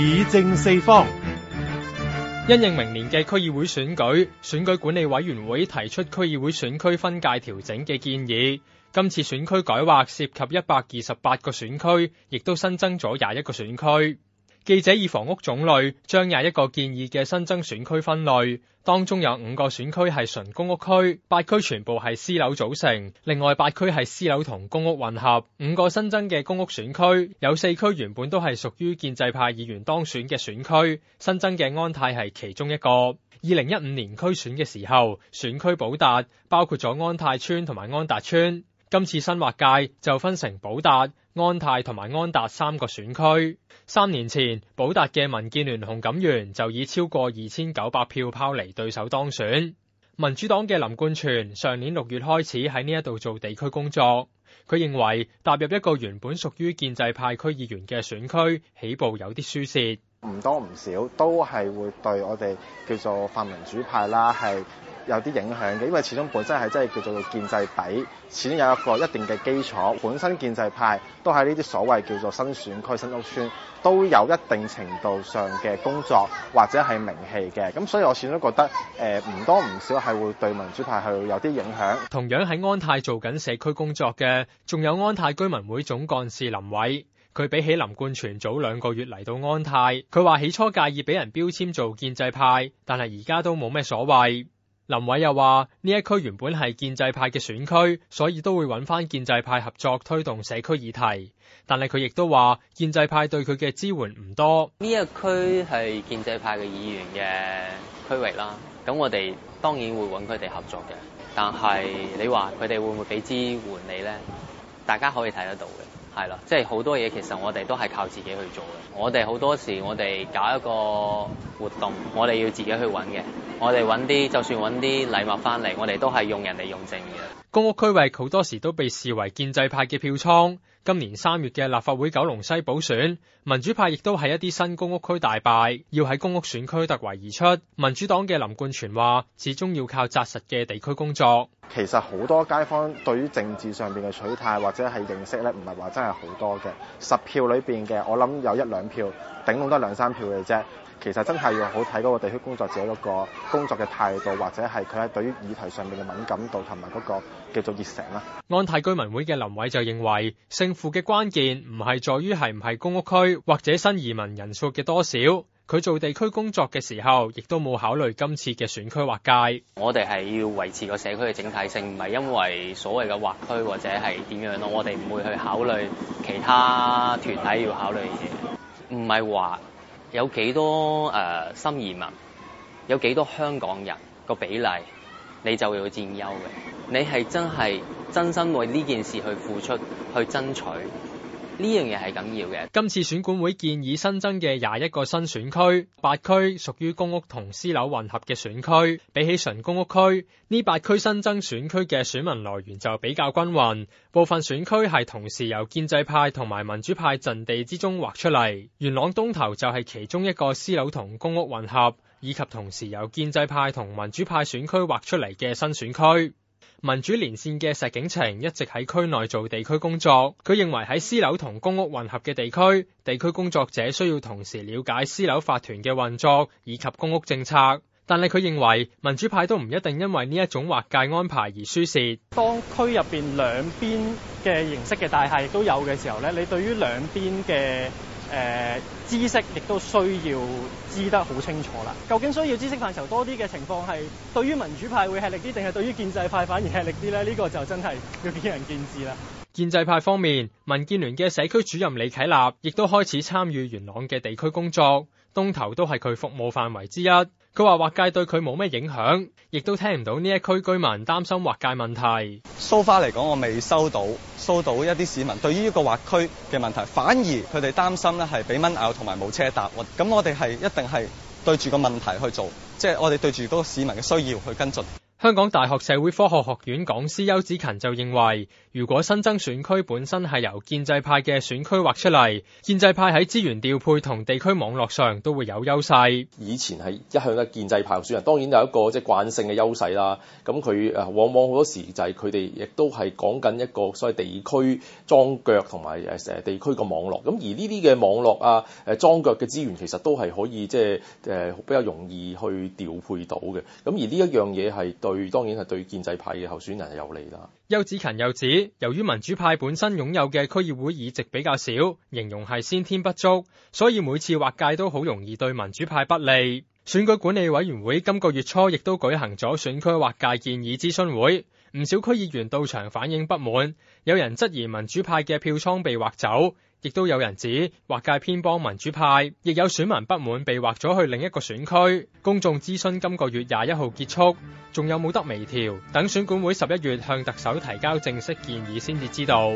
議政四方。因應明年嘅區議會選舉，選舉管理委員會提出區議會選區分界調整嘅建議。今次選區改劃涉及一百二十八個選區，亦都新增咗廿一個選區。記者以房屋種類將廿一個建議嘅新增選區分類，當中有五個選區係純公屋區，八區全部係私樓組成，另外八區係私樓同公屋混合。五個新增嘅公屋選區，有四區原本都係屬於建制派議員當選嘅選區，新增嘅安泰係其中一個。二零一五年區選嘅時候，選區寶達包括咗安泰邨同埋安達邨。今次新劃界就分成寶達、安泰同埋安達三個選區。三年前，寶達嘅民建聯洪錦鉉就以超過二千九百票拋離對手當選。民主黨嘅林冠全上年六月開始喺呢一度做地區工作，佢認為踏入一個原本屬於建制派區議員嘅選區，起步有啲輸蝕。唔多唔少都係會對我哋叫做泛民主派啦，係。有啲影響嘅，因為始終本身係真係叫做建制底，始終有一個一定嘅基礎。本身建制派都喺呢啲所謂叫做新選區、新屋邨，都有一定程度上嘅工作或者係名氣嘅，咁所以我始終覺得誒、呃，唔多唔少係會對民主派係會有啲影響。同樣喺安泰做緊社區工作嘅，仲有安泰居民會總幹事林偉，佢比起林冠全早兩個月嚟到安泰，佢話起初介意俾人標籤做建制派，但係而家都冇咩所謂。林偉又話：呢一區原本係建制派嘅選區，所以都會揾翻建制派合作推動社區議題。但係佢亦都話，建制派對佢嘅支援唔多。呢一區係建制派嘅議員嘅區域啦，咁我哋當然會揾佢哋合作嘅。但係你話佢哋會唔會俾支援你咧？大家可以睇得到嘅。係咯，即係好多嘢其實我哋都係靠自己去做嘅。我哋好多時我哋搞一個活動，我哋要自己去揾嘅。我哋揾啲就算揾啲禮物翻嚟，我哋都係用人哋用剩嘅。公屋區域好多時都被視為建制派嘅票倉。今年三月嘅立法會九龍西補選，民主派亦都喺一啲新公屋區大敗，要喺公屋選區突圍而出。民主黨嘅林冠全話，始終要靠紮實嘅地區工作。其實好多街坊對於政治上面嘅取態或者係認識咧，唔係話真係好多嘅。十票裏邊嘅，我諗有一兩票，頂多都係兩三票嘅啫。其實真係要好睇嗰個地區工作者嗰個工作嘅態度，或者係佢喺對於議題上面嘅敏感度同埋嗰個叫做熱誠啦。安泰居民會嘅林偉就認為，勝負嘅關鍵唔係在於係唔係公屋區或者新移民人數嘅多少。佢做地區工作嘅時候，亦都冇考慮今次嘅選區劃界。我哋係要維持個社區嘅整體性，唔係因為所謂嘅劃區或者係點樣咯。我哋唔會去考慮其他團體要考慮嘅嘢。唔係話有幾多誒新，uh, 移民，有幾多香港人個比例，你就會佔優嘅。你係真係真心為呢件事去付出，去爭取。呢樣嘢係緊要嘅。今次選管會建議新增嘅廿一個新選區，八區屬於公屋同私樓混合嘅選區。比起純公屋區，呢八區新增選區嘅選民來源就比較均匀，部分選區係同時由建制派同埋民主派陣地之中劃出嚟，元朗東頭就係其中一個私樓同公屋混合，以及同時由建制派同民主派選區劃出嚟嘅新選區。民主連線嘅石景晴一直喺區內做地區工作，佢認為喺私樓同公屋混合嘅地區，地區工作者需要同時了解私樓法團嘅運作以及公屋政策。但係佢認為民主派都唔一定因為呢一種劃界安排而輸蝕。當區入邊兩邊嘅形式嘅，大廈亦都有嘅時候咧，你對於兩邊嘅。誒、呃、知識亦都需要知得好清楚啦。究竟需要知識範疇多啲嘅情況係對於民主派會吃力啲，定係對於建制派反而吃力啲呢？呢、呢個就真係要見仁見智啦。建制派方面，民建聯嘅社區主任李啟立亦都開始參與元朗嘅地區工作，東頭都係佢服務範圍之一。佢話劃界對佢冇咩影響，亦都聽唔到呢一區居民擔心劃界問題。蘇花嚟講，我未收到，收到一啲市民對於一個劃區嘅問題，反而佢哋擔心咧係俾蚊咬同埋冇車搭。咁我哋係一定係對住個問題去做，即係我哋對住嗰個市民嘅需要去跟進。香港大學社會科學學院講師邱子勤就認為，如果新增選區本身係由建制派嘅選區劃出嚟，建制派喺資源調配同地區網絡上都會有優勢。以前係一向嘅建制派選人，當然有一個即係慣性嘅優勢啦。咁佢誒，往往好多時就係佢哋亦都係講緊一個所謂地區裝腳同埋誒誒地區個網絡。咁而呢啲嘅網絡啊誒裝腳嘅資源其實都係可以即係誒、呃、比較容易去調配到嘅。咁而呢一樣嘢係。對，當然係對建制派嘅候選人係有利啦。邱子勤又指，由於民主派本身擁有嘅區議會議席比較少，形容係先天不足，所以每次劃界都好容易對民主派不利。選舉管理委員會今個月初亦都舉行咗選區劃界建議諮詢會，唔少區議員到場反應不滿，有人質疑民主派嘅票倉被劃走。亦都有人指劃界偏幫民主派，亦有選民不滿，被劃咗去另一個選區。公眾諮詢今個月廿一號結束，仲有冇得微調？等選管會十一月向特首提交正式建議先至知道。